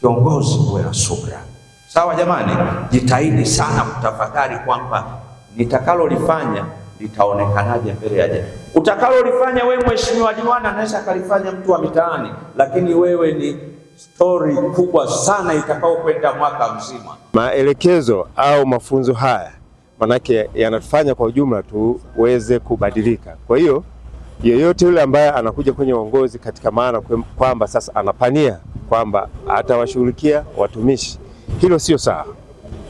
Kiongozi uwe na subra. Sawa jamani, jitahidi sana kutafakari kwamba nitakalolifanya litaonekanaje mbele ya jamii. Utakalolifanya wewe mheshimiwa diwani, anaweza akalifanya mtu wa mitaani, lakini wewe ni stori kubwa sana itakayokwenda mwaka mzima. Maelekezo au mafunzo haya manake yanatufanya kwa ujumla tuweze kubadilika, kwa hiyo yeyote yule ambaye anakuja kwenye uongozi katika maana kwamba sasa anapania kwamba atawashughulikia watumishi, hilo sio sawa.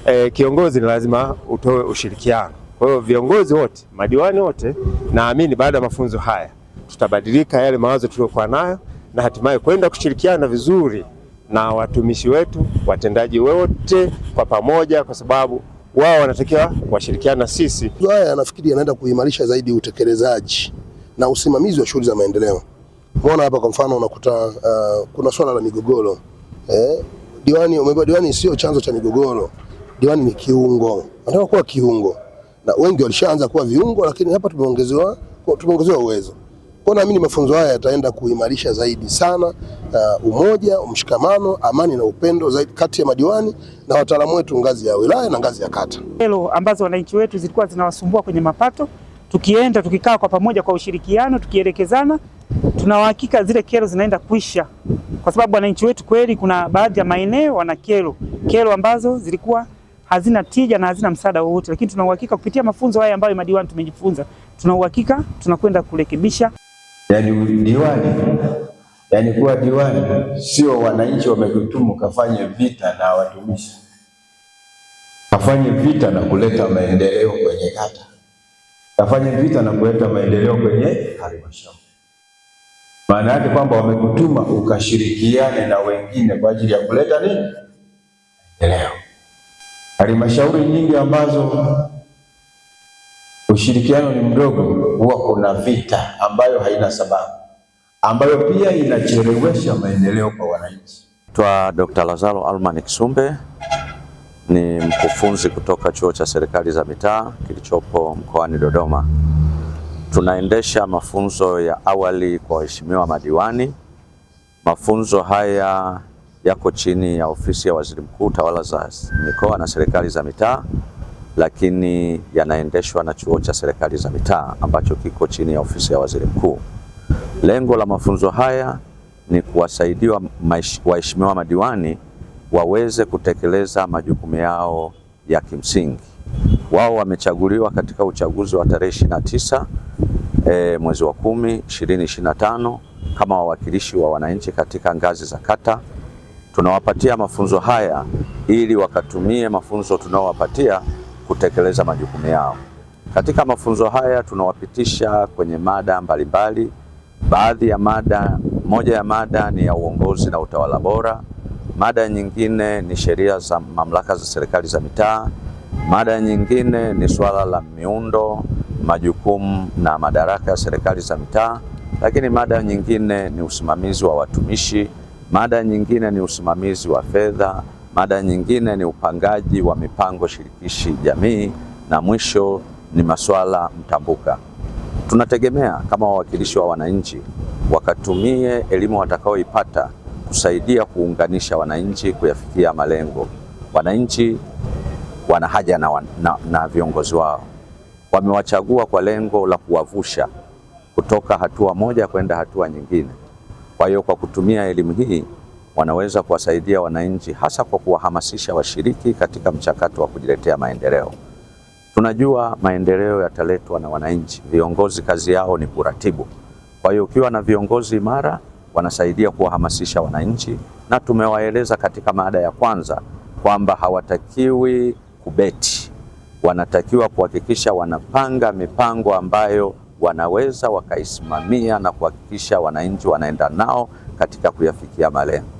E, kiongozi ni lazima utoe ushirikiano. Kwa hiyo viongozi wote, madiwani wote, naamini baada ya mafunzo haya tutabadilika yale mawazo tuliyokuwa nayo na hatimaye kwenda kushirikiana vizuri na watumishi wetu, watendaji wote kwa pamoja, kwa sababu wao wanatakiwa washirikiana sisi. Haya nafikiri yanaenda kuimarisha zaidi utekelezaji na usimamizi wa shughuli za maendeleo. Umeona hapa kwa mfano unakuta uh, kuna swala la migogoro eh, diwani umebeba diwani sio chanzo cha migogoro. Diwani ni kiungo, anataka kuwa kiungo, na wengi walishaanza kuwa viungo, lakini hapa tumeongezewa tumeongezewa uwezo. Kwa naamini mafunzo haya yataenda kuimarisha zaidi sana uh, umoja, mshikamano, amani na upendo zaidi kati ya madiwani na wataalamu wetu ngazi ya wilaya na ngazi ya kata. Hilo ambazo wananchi wetu zilikuwa zinawasumbua kwenye mapato tukienda tukikaa kwa pamoja kwa ushirikiano, tukielekezana, tuna uhakika zile kero zinaenda kuisha, kwa sababu wananchi wetu kweli, kuna baadhi ya maeneo wana kero, kero ambazo zilikuwa hazina tija na hazina msaada wowote, lakini tuna uhakika kupitia mafunzo haya ambayo madiwani tumejifunza, tuna uhakika tunakwenda kurekebisha. Yani diwani, yani kuwa diwani sio wananchi wamekutumu kafanye vita na watumishi, kafanye vita na kuleta maendeleo kwenye kata tafanya vita na kuleta maendeleo kwenye halmashauri. Maana yake kwamba wamekutuma ukashirikiane na wengine kwa ajili ya kuleta nini? Maendeleo. Halmashauri nyingi ambazo ushirikiano ni mdogo, huwa kuna vita ambayo haina sababu, ambayo pia inachelewesha maendeleo kwa wananchi. Twa Dr. Lazaro almani Kisumbe ni mkufunzi kutoka chuo cha serikali za mitaa kilichopo mkoani Dodoma. Tunaendesha mafunzo ya awali kwa waheshimiwa madiwani. Mafunzo haya yako chini ya ofisi ya Waziri Mkuu, tawala za mikoa na serikali za mitaa, lakini yanaendeshwa na chuo cha serikali za mitaa ambacho kiko chini ya ofisi ya Waziri Mkuu. Lengo la mafunzo haya ni kuwasaidia waheshimiwa madiwani waweze kutekeleza majukumu yao ya kimsingi. Wao wamechaguliwa katika uchaguzi wa tarehe ishirini na tisa e, mwezi wa kumi tano kama wawakilishi wa wananchi katika ngazi za kata. Tunawapatia mafunzo haya ili wakatumie mafunzo tunaowapatia kutekeleza majukumu yao. Katika mafunzo haya tunawapitisha kwenye mada mbalimbali. Baadhi ya mada, moja ya mada ni ya uongozi na utawala bora mada nyingine ni sheria za mamlaka za serikali za mitaa, mada nyingine ni suala la miundo, majukumu na madaraka ya serikali za mitaa, lakini mada nyingine ni usimamizi wa watumishi, mada nyingine ni usimamizi wa fedha, mada nyingine ni upangaji wa mipango shirikishi jamii, na mwisho ni masuala mtambuka. Tunategemea kama wawakilishi wa wananchi wakatumie elimu watakaoipata kutusaidia kuunganisha wananchi kuyafikia malengo. Wananchi wana haja na, na, na viongozi wao, wamewachagua kwa lengo la kuwavusha kutoka hatua moja kwenda hatua nyingine. Kwa hiyo kwa kutumia elimu hii wanaweza kuwasaidia wananchi, hasa kwa kuwahamasisha washiriki katika mchakato wa kujiletea maendeleo. Tunajua maendeleo yataletwa na wananchi. Viongozi kazi yao ni kuratibu. Kwa hiyo ukiwa na viongozi imara wanasaidia kuwahamasisha wananchi, na tumewaeleza katika mada ya kwanza kwamba hawatakiwi kubeti, wanatakiwa kuhakikisha wanapanga mipango ambayo wanaweza wakaisimamia na kuhakikisha wananchi wanaenda nao katika kuyafikia malengo.